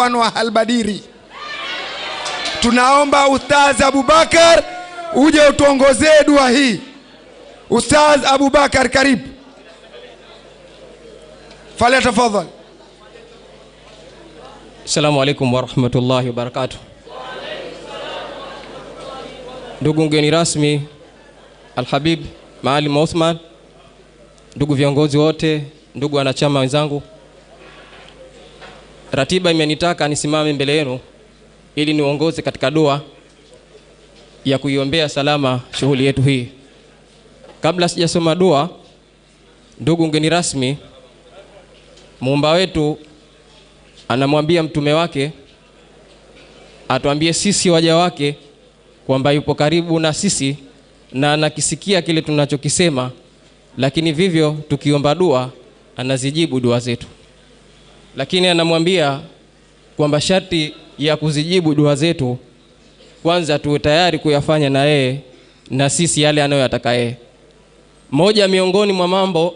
mfano wa Albadiri. Tunaomba Ustaz Abubakar uje utuongozee dua hii. Ustaz Abubakar, karibu falia, tafadhali. Assalamu alaikum warahmatullahi wabarakatuh. Ndugu mgeni rasmi Alhabib Maalim Uthman, ndugu viongozi wote, ndugu wanachama wenzangu Ratiba imenitaka nisimame mbele yenu ili niongoze katika dua ya kuiombea salama shughuli yetu hii. Kabla sijasoma dua, ndugu mgeni rasmi, muumba wetu anamwambia mtume wake atuambie sisi waja wake kwamba yupo karibu na sisi na anakisikia kile tunachokisema, lakini vivyo tukiomba dua anazijibu dua zetu lakini anamwambia kwamba sharti ya kuzijibu dua zetu kwanza tuwe tayari kuyafanya na yeye na sisi yale anayoyataka yeye. Moja miongoni mwa mambo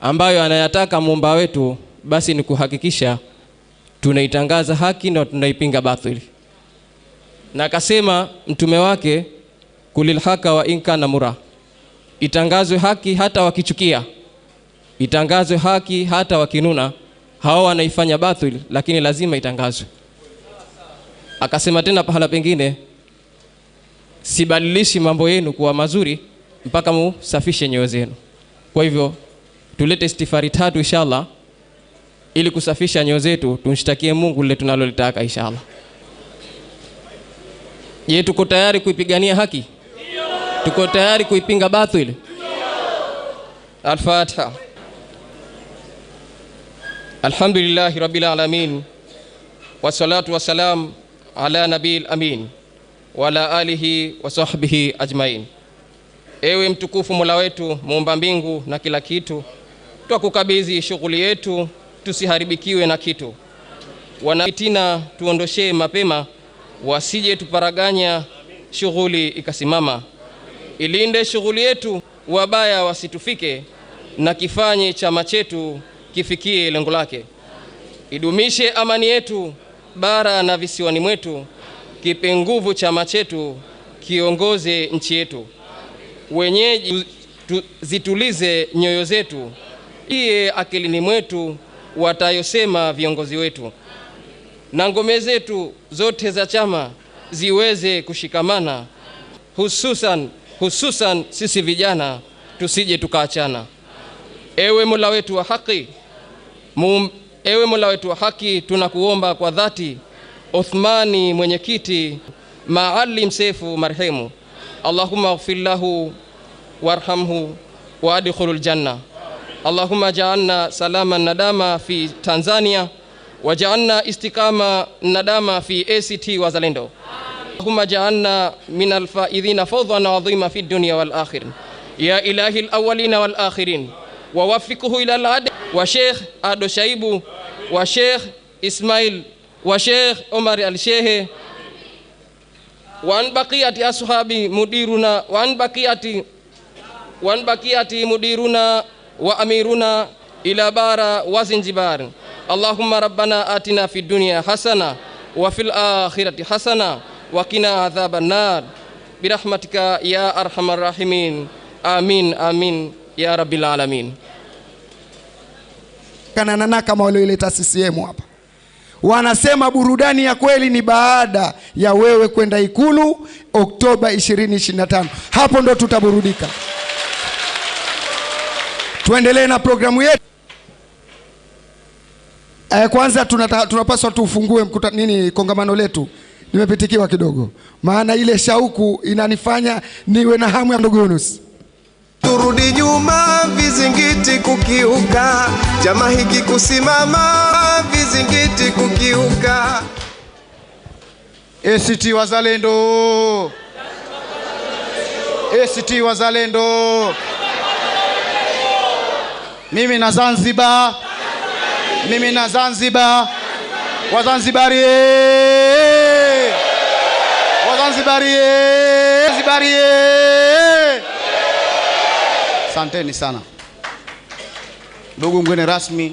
ambayo anayataka muumba wetu basi ni kuhakikisha tunaitangaza haki na tunaipinga batili, na akasema mtume wake kulil haka wa inka na mura, itangazwe haki hata wakichukia, itangazwe haki hata wakinuna hawa wanaifanya batil, lakini lazima itangazwe. Akasema tena pahala pengine, sibadilishi mambo yenu kuwa mazuri mpaka musafishe nyoyo zenu. Kwa hivyo tulete istifari tatu inshallah, ili kusafisha nyoyo zetu, tumshtakie Mungu lile tunalolitaka inshallah. Je, tuko tayari kuipigania haki? Tuko tayari kuipinga batil? Al-Fatiha. Alhamdulillahi rabbil alamin wassalatu wassalam ala nabil amin wa ala alihi wa sahbihi ajmain. Ewe mtukufu Mola wetu muumba mbingu na kila kitu, twakukabidhi shughuli yetu, tusiharibikiwe na kitu, wanafitina tuondoshee mapema, wasije tuparaganya shughuli ikasimama. Ilinde shughuli yetu, wabaya wasitufike, na kifanye chama chetu kifikie lengo lake. Idumishe amani yetu bara na visiwani mwetu, kipe nguvu chama chetu, kiongoze nchi yetu. Wenyeji zitulize nyoyo zetu, iye akilini mwetu watayosema viongozi wetu, na ngome zetu zote za chama ziweze kushikamana, hususan hususan sisi vijana tusije tukaachana. Ewe Mola wetu wa haki ewe Mola wetu wa haki, tunakuomba kwa dhati Uthmani mwenyekiti Maalim Sefu marehemu, Allahumma ighfir lahu warhamhu wa adkhulul janna, Allahumma ja'alna salama nadama fi Tanzania wajaalna istiqama nadama fi ACT Wazalendo. Allahumma ja'alna min alfaidhina fawdhan adhima fi dunya wal akhirin ya ilahi al alawwalina wal akhirin wawafikhu ila al وشيخ أدو شايبو وشيخ إسماعيل وشيخ عمر الشيخ وأن بقية أصحابي مديرنا وأن بقية وأن بقية مديرنا وأميرنا إلى بارا وزنجبار اللهم ربنا آتنا في الدنيا حسنة وفي الآخرة حسنة وقنا عذاب النار برحمتك يا أرحم الراحمين آمين آمين يا رب العالمين kanana kama walioleta CCM hapa. Wanasema burudani ya kweli ni baada ya wewe kwenda Ikulu Oktoba 2025. Hapo ndo tutaburudika. Tuendelee na programu yetu. Eh, kwanza tunapaswa tufungue mkuta, nini kongamano letu. Nimepitikiwa kidogo, maana ile shauku inanifanya niwe na hamu ya ndugu Yunus. Turudi nyuma kukiuka, chama hiki kusimama, vizingiti kukiuka. ACT Wazalendo, ACT Wazalendo, mimi na Zanzibar, mimi na Zanzibar, Wazanzibari Wazanzibari, Wazanzibari, asanteni sana. Ndugu mgeni rasmi,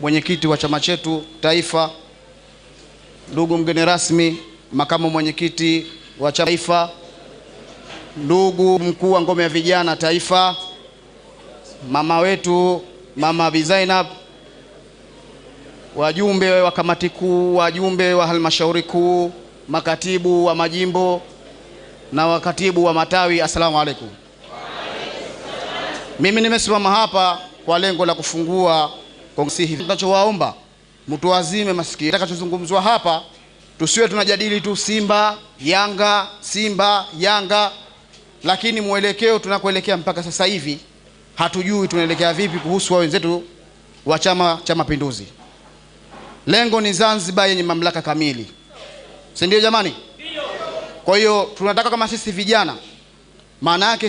mwenyekiti wa chama chetu taifa, ndugu mgeni rasmi, makamu mwenyekiti wa chama taifa, ndugu mkuu wa ngome ya vijana taifa, mama wetu mama Bi Zainab, wajumbe wa kamati kuu, wajumbe wa halmashauri kuu, makatibu wa majimbo na wakatibu wa matawi, assalamu alaikum. Mimi nimesimama hapa kwa lengo la kufungua hivi. Tunachowaomba mtuazime masikio, atakachozungumzwa hapa tusiwe tunajadili tu Simba Yanga, Simba Yanga, lakini mwelekeo tunakoelekea mpaka sasa hivi hatujui tunaelekea vipi kuhusu wao wenzetu wa Chama cha Mapinduzi. Lengo ni Zanzibar yenye mamlaka kamili, si ndio jamani? Kwa hiyo tunataka kama sisi vijana, maana yake